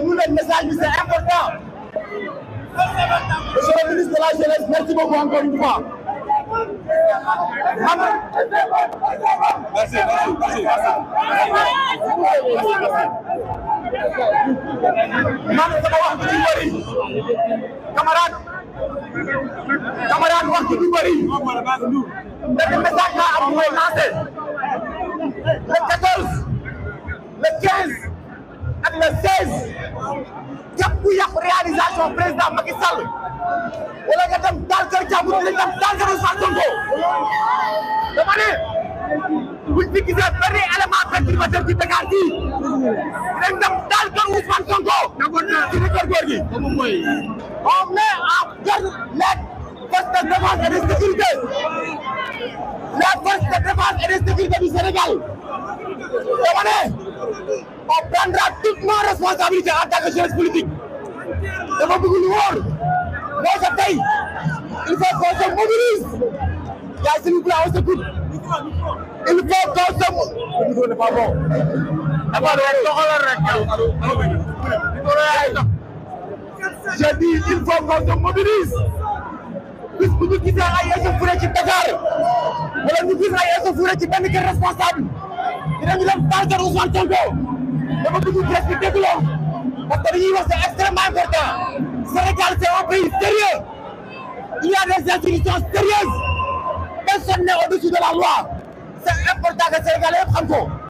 déglu leen message bi c'est important. monsieur le ministre de la jeunesse merci beaucoup encore une fois. merci merci man sama wax bi du bëri camarade camarade wax bi du bëri benn message laa am mooy lancé le 14 le 15 ak le 16 jàpp ku yàq réalisation président Macky Sall wala nga dem daal kër jàmbur dinañ dem daal kër Ousmane Sonko dama ne buñ fi gisee benn élément perturbateur ci Dakar gi dinañ dem daal kër Ousmane Sonko ci kër góor gi on met en garde les forces de défense et de sécurité les forces de défense et de sécurité du Sénégal dama ne Prendre toute ma responsabilité en tant que jeunesse politique. dama bëgg lu wóor mooy que il faut qu'on se mobilise gars s'il vous plaît on s'écoute il faut qu'on se le micro n'est pas bon je dis il faut qu'on se mobilise bis bu ñu gisee ay échauffure responsable dinañu def tàngoor Ousmane Sonko dama bëgg presse bi déglu parce que dañuy wax c'est extrêmement important Sénégal c'est un sérieux il y a des institutions sérieuses personne au-dessus de la loi c'est important que Sénégalais yëpp xam